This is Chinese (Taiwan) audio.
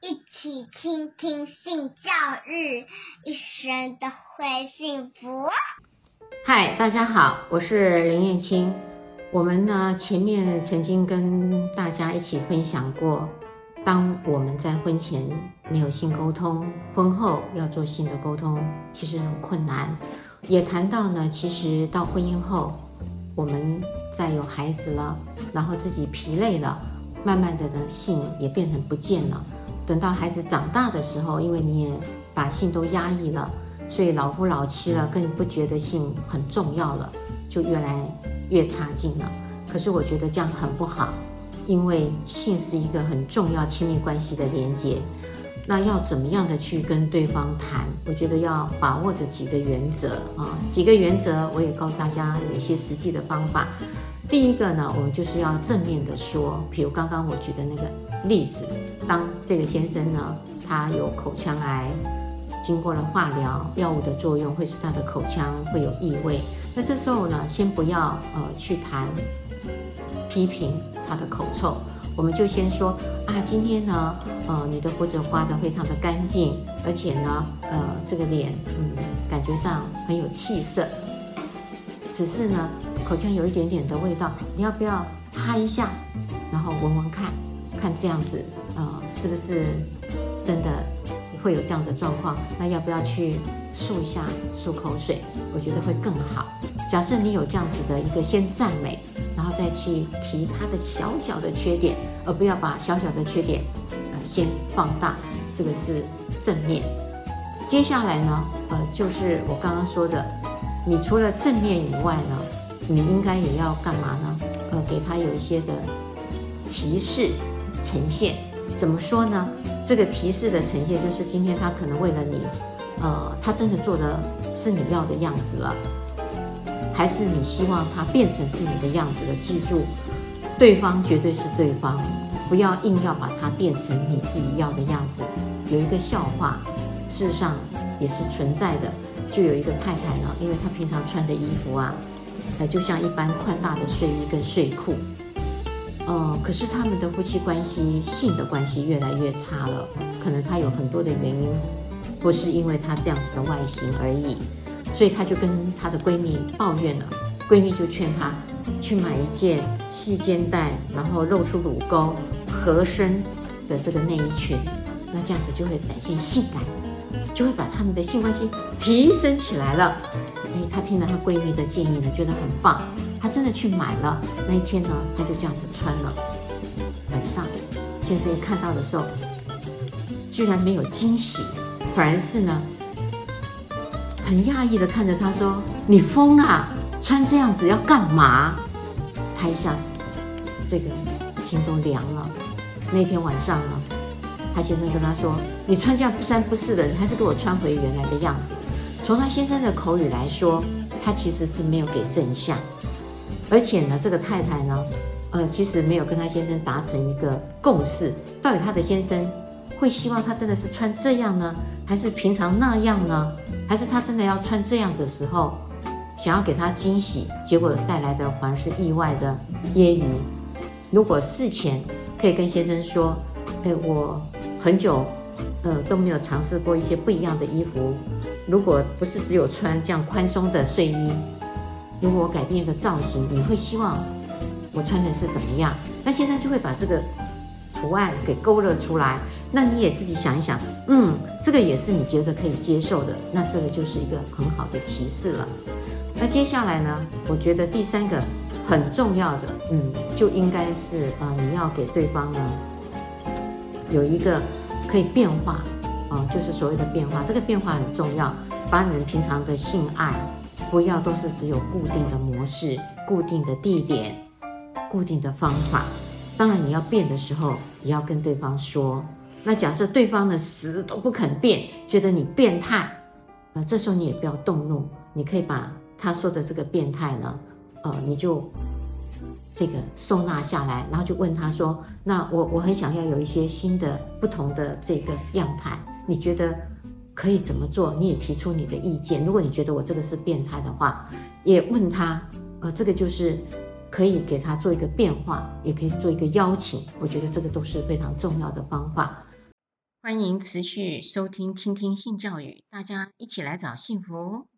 一起傾聽性教育，一生都會幸福。嗨，大家好，我是林燕青。我們呢，前面曾經跟大家一起分享過，當我們在婚前沒有性溝通，婚後要做性的溝通，其實很困難。也談到呢，其實到婚姻後，我們再有孩子了，然後自己疲累了，慢慢的呢，性也變成不見了。等到孩子長大的時候，因為你也把性都壓抑了，所以老夫老妻了，更不覺得性很重要了，就越來越差勁了。可是我覺得這樣很不好，因為性是一個很重要親密關係的連接。那要怎麼樣的去跟對方談？我覺得要把握着幾個原則啊，幾個原則，我也告訴大家有一些實際的方法。第一個呢，我們就是要正面的說，比如剛剛我舉的那個例子，當這個先生呢，他有口腔癌，經過了化療，藥物的作用會使他的口腔會有異味。那這時候呢，先不要呃去談批評他的口臭，我們就先說啊，今天呢，呃，你的鬍子刮得非常的乾淨，而且呢，呃，這個臉嗯，感覺上很有氣色。只是呢，口腔有一點點的味道，你要不要哈一下，然後聞聞看，看這樣子，呃，是不是真的會有這樣的狀況？那要不要去漱一下漱口水？我覺得會更好。假設你有這樣子的一個先讚美，然後再去提它的小小的缺點，而不要把小小的缺點呃先放大，這個是正面。接下來呢，呃，就是我剛剛說的。你除了正面以外呢，你應該也要幹嘛呢？呃，給他有一些的提示呈現。怎麼說呢？這個提示的呈現就是今天他可能為了你，呃，他真的做的是你要的樣子了，還是你希望他變成是你的樣子的？記住，對方絕對是對方，不要硬要把他變成你自己要的樣子。有一個笑話，事實上也是存在的。就有一個太太呢，因為她平常穿的衣服啊，呃，就像一般寬大的睡衣跟睡褲，哦、呃，可是他們的夫妻關係、性的關係越來越差了。可能她有很多的原因，不是因為她這樣子的外形而已，所以她就跟她的閨蜜抱怨了。閨蜜就勸她去買一件細肩帶，然後露出乳溝、合身的這個內衣裙，那這樣子就會展現性感。就會把他們的性關係提升起來了。誒、哎，她聽了她閨蜜的建議呢，覺得很棒，她真的去買了。那一天呢，她就這樣子穿了，晚上，先生一看到的時候，居然沒有驚喜，反而是呢，很訝異的看着她說：“你瘋了，穿這樣子要幹嘛？”她一下子這個心都涼了。那天晚上呢。他先生跟他說：“你穿這樣不三不四的，你還是給我穿回原來的樣子。”從他先生的口語來說，他其實是沒有給正向。而且呢，這個太太呢，呃，其實沒有跟他先生達成一個共識。到底他的先生會希望他真的是穿這樣呢，還是平常那樣呢？還是他真的要穿這樣的時候，想要給他驚喜，結果帶來的反而是意外的揶揄。如果事前可以跟先生說：“哎、欸，我。”很久，呃，都沒有嘗試過一些不一樣的衣服。如果不是只有穿這樣寬鬆的睡衣，如果我改變一個造型，你會希望我穿的是怎麼樣？那現在就會把這個圖案給勾勒出來。那你也自己想一想，嗯，這個也是你覺得可以接受的。那這個就是一個很好的提示了。那接下來呢，我覺得第三個很重要的，嗯，就應該是呃，你要給對方呢。有一個可以變化，啊，就是所謂的變化，這個變化很重要。把你們平常的性愛，不要都是只有固定的模式、固定的地點、固定的方法。當然，你要變的時候，你要跟對方說。那假設對方的死都不肯變，覺得你變態，那、呃、這時候你也不要動怒，你可以把他說的這個變態呢，呃，你就。這個收納下來，然後就問他說：“那我我很想要有一些新的、不同的這個樣態，你覺得可以怎麼做？你也提出你的意見。如果你覺得我這個是變態的話，也問他。呃，這個就是可以給他做一個變化，也可以做一個邀請。我覺得這個都是非常重要的方法。歡迎持續收聽《傾聽性教育》，大家一起來找幸福哦。